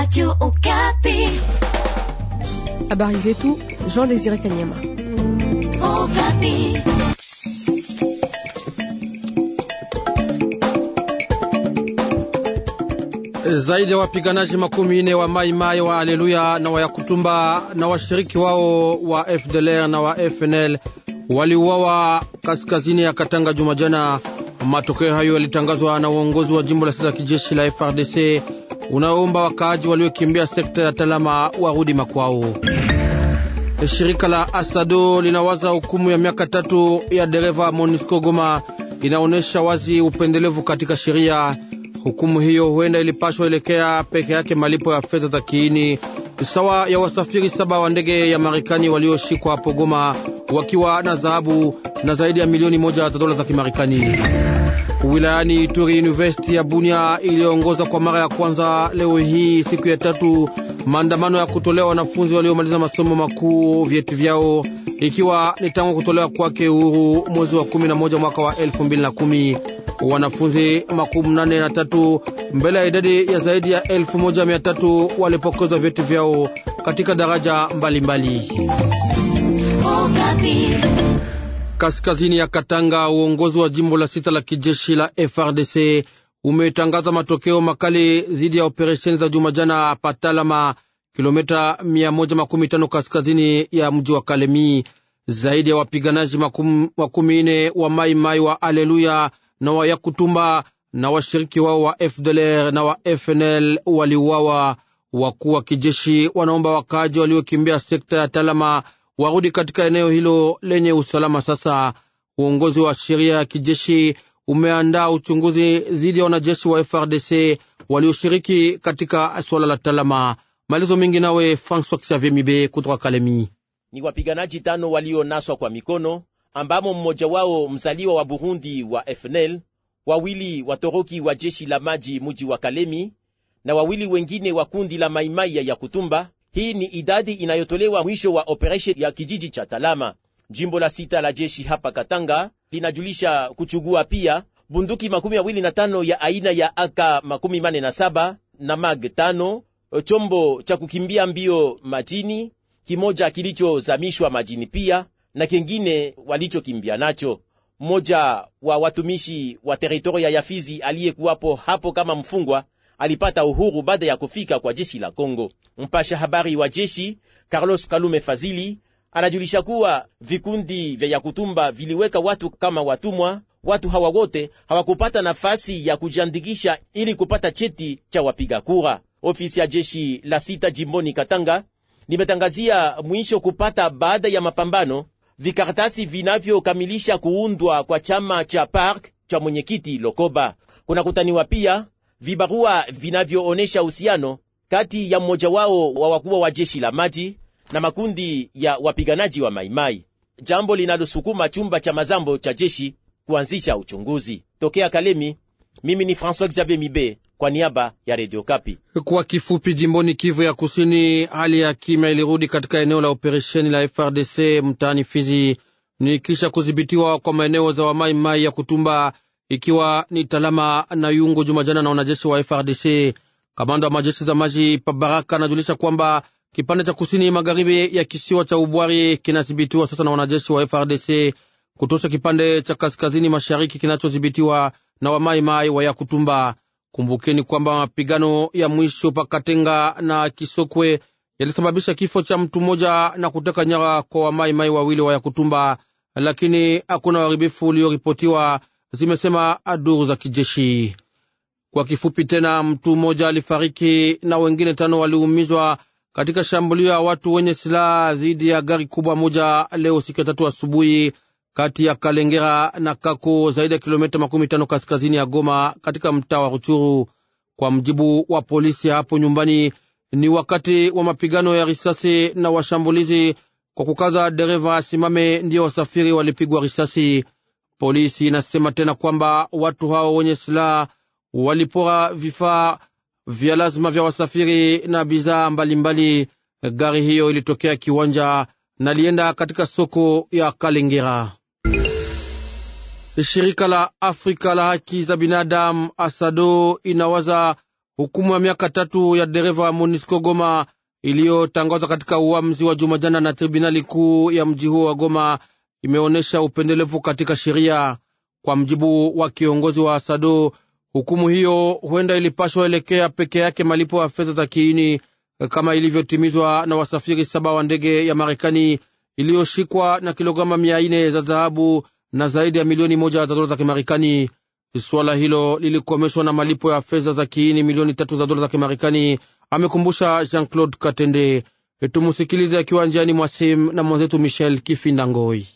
Radio Okapi. Habari zetu Jean Désiré Kanyama. Okapi. Zaidi ya wapiganaji makumi ine wa Mai Mai wa Aleluya na wa Yakutumba na washiriki wao wa FDLR na wa FNL waliuawa kaskazini ya Katanga jumajana. Matokeo hayo yalitangazwa na uongozi wa jimbo la sita kijeshi la FRDC unaomba wakaaji waliokimbia sekta ya Talama warudi makwao. Shirika la Asado linawaza hukumu ya miaka tatu ya dereva Monisco Goma inaonyesha wazi upendelevu katika sheria. Hukumu hiyo huenda ilipashwa elekea peke yake malipo ya fedha za kiini sawa ya wasafiri saba wa ndege ya Marekani walioshikwa hapo Goma wakiwa na dhahabu na zaidi ya milioni moja za dola za Kimarekani wilayani Ituri. University ya Bunia iliongoza kwa mara ya kwanza leo hii siku ya tatu maandamano ya kutolewa wanafunzi waliomaliza masomo makuu vyeti vyao, ikiwa ni tangu kutolewa kwake uhuru mwezi wa 11 mwaka wa 2010 wanafunzi makumi nane na tatu mbele ya idadi ya zaidi ya elfu moja mia tatu walipokezwa vyeti vyao katika daraja mbalimbali mbali. Oh, kaskazini ya Katanga, uongozi wa jimbo la sita la kijeshi la FRDC umetangaza matokeo makali dhidi ya operesheni za juma jana Patalama, kilomita 115 kaskazini ya mji wa Kalemi. Zaidi ya wapiganaji makumi ine wa Mai Mai wa Aleluya na wa Yakutumba na washiriki wao wa FDLR na wa FNL waliuawa. Wakuu wa kijeshi wanaomba wakaaji waliokimbia sekta ya Talama warudi katika eneo hilo lenye usalama. Sasa uongozi wa sheria ya kijeshi umeandaa uchunguzi dhidi ya wanajeshi wa FRDC walioshiriki katika swala la Talama. Malizo mengi nawe Francois Xavier Mibe kutoka Kalemi. Ni wapiganaji tano walionaswa kwa mikono, ambamo mmoja wao mzaliwa wa Burundi wa FNL, wawili watoroki wa jeshi la maji muji wa Kalemi na wawili wengine wa kundi la maimai ya Kutumba hii ni idadi inayotolewa mwisho wa operation ya kijiji cha Talama. Jimbo la sita la jeshi hapa Katanga linajulisha kuchugua pia bunduki makumi mawili na tano ya aina ya aka makumi mane na saba na mag tano, chombo cha kukimbia mbio majini kimoja kilichozamishwa majini pia na kengine walichokimbia nacho. Mmoja wa watumishi wa teritoria ya Fizi aliyekuwapo hapo kama mfungwa alipata uhuru baada ya kufika kwa jeshi la Kongo. Mpasha habari wa jeshi Carlos Kalume Fazili anajulisha kuwa vikundi vya Yakutumba viliweka watu kama watumwa. Watu hawa wote hawakupata nafasi ya kujiandikisha ili kupata cheti cha wapiga kura. Ofisi ya jeshi la sita jimboni Katanga limetangazia mwisho kupata baada ya mapambano vikaratasi vinavyokamilisha kuundwa kwa chama cha park cha mwenyekiti Lokoba. Kuna kutaniwa pia vibarua vinavyoonyesha uhusiano kati ya mmoja wao wa wakuwa wa jeshi la maji na makundi ya wapiganaji wa Maimai, jambo linalosukuma chumba cha mazambo cha jeshi kuanzisha uchunguzi tokea Kalemi. Mimi ni François Xavier Mibe kwa niaba ya Radio Kapi. Kwa kifupi, jimboni Kivu ya Kusini, hali ya kimya ilirudi katika eneo la operesheni la FRDC mtaani Fizi ni kisha kudhibitiwa kwa maeneo za Wamaimai ya Kutumba ikiwa ni Talama na Yungu Jumajana na wanajeshi wa FRDC. Kamanda wa majeshi za maji Pabaraka anajulisha kwamba kipande cha kusini magharibi ya kisiwa cha Ubwari kinadhibitiwa sasa na wanajeshi wa FRDC kutosha kipande cha kaskazini mashariki kinachodhibitiwa na wamaimai wa Yakutumba. Kumbukeni kwamba mapigano ya mwisho Pakatenga na Kisokwe yalisababisha kifo cha mtu mmoja na kuteka nyara kwa wamaimai wawili wa Yakutumba, lakini hakuna uharibifu ulioripotiwa zimesema duru za kijeshi. Kwa kifupi tena, mtu mmoja alifariki na wengine tano waliumizwa katika shambulio ya watu wenye silaha dhidi ya gari kubwa moja leo siku ya tatu asubuhi kati ya Kalengera na Kako, zaidi ya kilomita makumi tano kaskazini ya Goma, katika mtaa wa Ruchuru. Kwa mjibu wa polisi hapo nyumbani, ni wakati wa mapigano ya risasi na washambulizi kwa kukaza dereva asimame, ndiyo wasafiri walipigwa risasi. Polisi inasema tena kwamba watu hao wenye silaha walipora vifaa vya lazima vya wasafiri na bidhaa mbalimbali. Gari hiyo ilitokea kiwanja na lienda katika soko ya Kalengera. Shirika la Afrika la haki za binadamu Asado inawaza hukumu ya miaka tatu ya dereva wa Monisco Goma iliyotangazwa katika uamuzi wa juma jana na tribunali kuu ya mji huo wa Goma imeonyesha upendelevu katika sheria. Kwa mjibu wa kiongozi wa Asado, hukumu hiyo huenda ilipashwa elekea peke yake malipo ya fedha za kiini kama ilivyotimizwa na wasafiri saba wa ndege ya Marekani iliyoshikwa na kilograma mia nne za dhahabu na zaidi ya milioni moja za dola za Kimarekani. Suala hilo lilikomeshwa na malipo ya fedha za kiini milioni tatu za dola za Kimarekani, amekumbusha Jean Claude Katende. Tumusikilize akiwa njiani mwa simu na mwenzetu Michel Kifindangoi.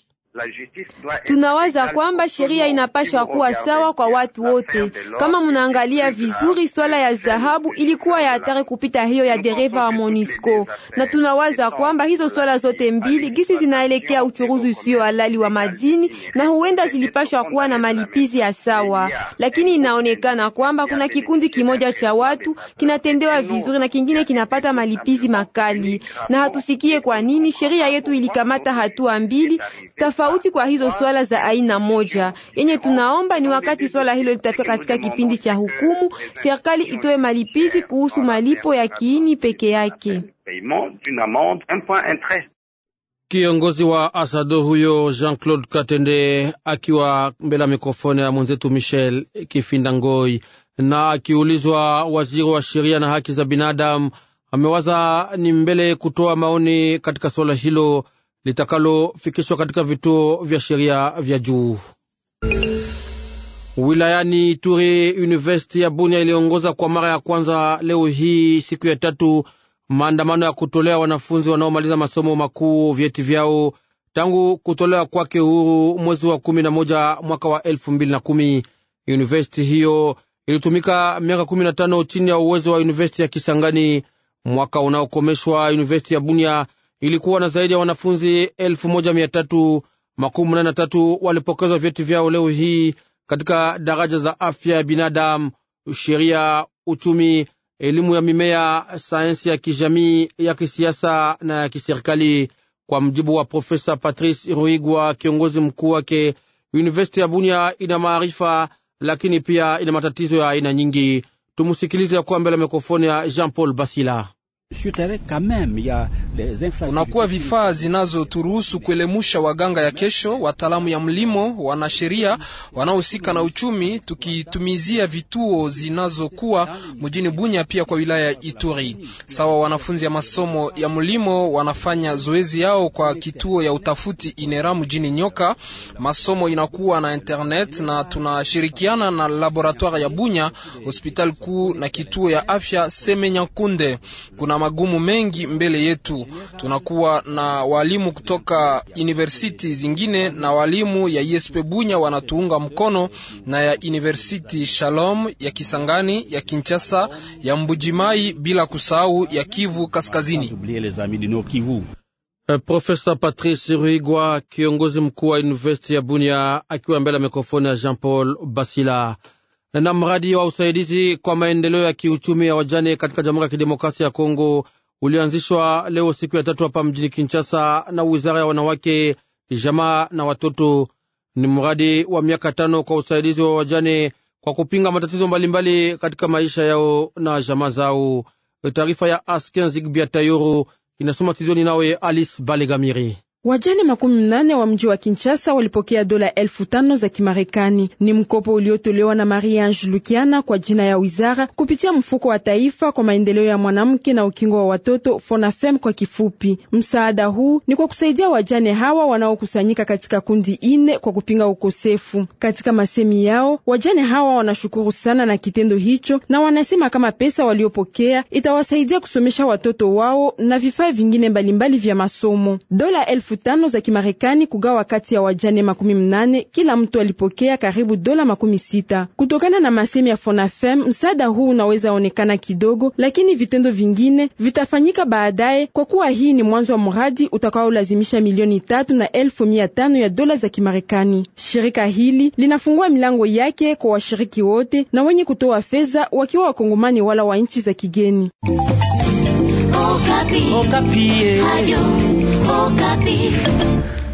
Tunawaza kwamba sheria inapashwa kuwa sawa kwa watu wote. Kama munaangalia vizuri, swala ya dhahabu ilikuwa ya hatari kupita hiyo ya dereva wa Monisco, na tunawaza kwamba hizo swala zote mbili gisi zinaelekea uchuruzi usio halali wa madini na huenda zilipashwa kuwa na malipizi ya sawa, lakini inaonekana kwamba kuna kikundi kimoja cha watu kinatendewa vizuri na kingine kinapata malipizi makali, na hatusikie kwa nini sheria yetu ilikamata hatua mbili tafa tofauti kwa hizo swala za aina moja. Yenye tunaomba ni wakati swala hilo litafika katika kipindi cha hukumu, serikali itoe malipizi kuhusu malipo ya kiini peke yake. Kiongozi wa Asado huyo Jean-Claude Katende akiwa mbele ya mikrofoni ya mwenzetu Michel Ngoi na akiulizwa, waziri wa sheria na haki za binadamu amewaza ni mbele kutoa maoni katika suala hilo litakalofikishwa katika vituo vya sheria vya juu. Wilayani Ituri, Universiti ya Bunia iliongoza kwa mara ya kwanza leo hii siku ya tatu maandamano ya kutolea wanafunzi wanaomaliza masomo makuu vyeti vyao tangu kutolewa kwake huru mwezi wa kumi na moja mwaka wa elfu mbili na kumi. Universiti hiyo ilitumika miaka kumi na tano chini ya uwezo wa universiti ya Kisangani. Mwaka unaokomeshwa universiti ya Bunia ilikuwa na zaidi ya wanafunzi elfu moja mia tatu makumi nane na tatu walipokezwa vyeti vyao leo hii katika daraja za afya ya binadamu, sheria, uchumi, elimu ya mimea, sayansi ya kijamii, ya kisiasa na ya kiserikali, kwa mjibu wa Profesa Patrice Ruigwa, kiongozi mkuu wake. Universiti ya Bunia ina maarifa lakini pia ina matatizo ya aina nyingi. Tumusikilize ya kuwa mbele ya mikrofoni ya Jean Paul Basila kunakuwa vifaa zinazoturuhusu kuelemusha waganga ya kesho, wataalamu ya mlimo, wanasheria wanaohusika na uchumi, tukitumizia vituo zinazokuwa mjini Bunya, pia kwa wilaya ya Ituri. Sawa, wanafunzi ya masomo ya mlimo wanafanya zoezi yao kwa kituo ya utafuti Inera mjini Nyoka. Masomo inakuwa na internet na tunashirikiana na laboratoire ya Bunya, hospitali kuu na kituo ya afya Semenyakunde. Kuna magumu mengi mbele yetu. Tunakuwa na walimu kutoka university zingine na walimu ya ISP Bunya wanatuunga mkono na ya university Shalom ya Kisangani, ya Kinshasa, ya Mbujimai, bila kusahau ya Kivu Kaskazini. Eh, Profesa Patrice Ruigwa, kiongozi mkuu wa university ya bunya akiwa mbele ya mikrofoni ya Jean Paul Basila na mradi wa usaidizi kwa maendeleo ya kiuchumi ya wajane katika Jamhuri ya Kidemokrasia ya Kongo ulianzishwa leo siku ya tatu hapa mjini Kinshasa na Wizara ya Wanawake, Jamaa na Watoto. Ni mradi wa miaka tano kwa usaidizi wa wajane kwa kupinga matatizo mbalimbali mbali katika maisha yao na jamaa zao. Taarifa ya Asken Tayoro inasoma tizoni nawe Alice Balegamiri. Wajane makumi mnane wa mji wa Kinshasa walipokea dola elfu tano za Kimarekani. Ni mkopo uliotolewa na Marie Ange Lukiana kwa jina ya wizara kupitia mfuko wa taifa kwa maendeleo ya mwanamke na ukingo wa watoto FONAFEM kwa kifupi. Msaada huu ni kwa kusaidia wajane hawa wanaokusanyika katika kundi ine kwa kupinga ukosefu. Katika masemi yao, wajane hawa wanashukuru sana na kitendo hicho, na wanasema kama pesa waliopokea itawasaidia kusomesha watoto wao na vifaa vingine mbalimbali vya masomo. dola elfu elfu tano za Kimarekani kugawa kati ya wajane makumi mnane, kila mtu alipokea karibu dola makumi sita. Kutokana na masemi ya Fonafem, msaada huu unaweza onekana kidogo, lakini vitendo vingine vitafanyika baadaye, kwa kuwa hii ni mwanzo wa mradi utakaolazimisha milioni tatu na elfu mia tano ya dola za Kimarekani. Shirika hili linafungua milango yake kwa washiriki wote na wenye kutoa fedha, wakiwa wakongomani wala wa nchi za kigeni. Okapi. Oh, Okapi. Oh, eh. Volca Beats.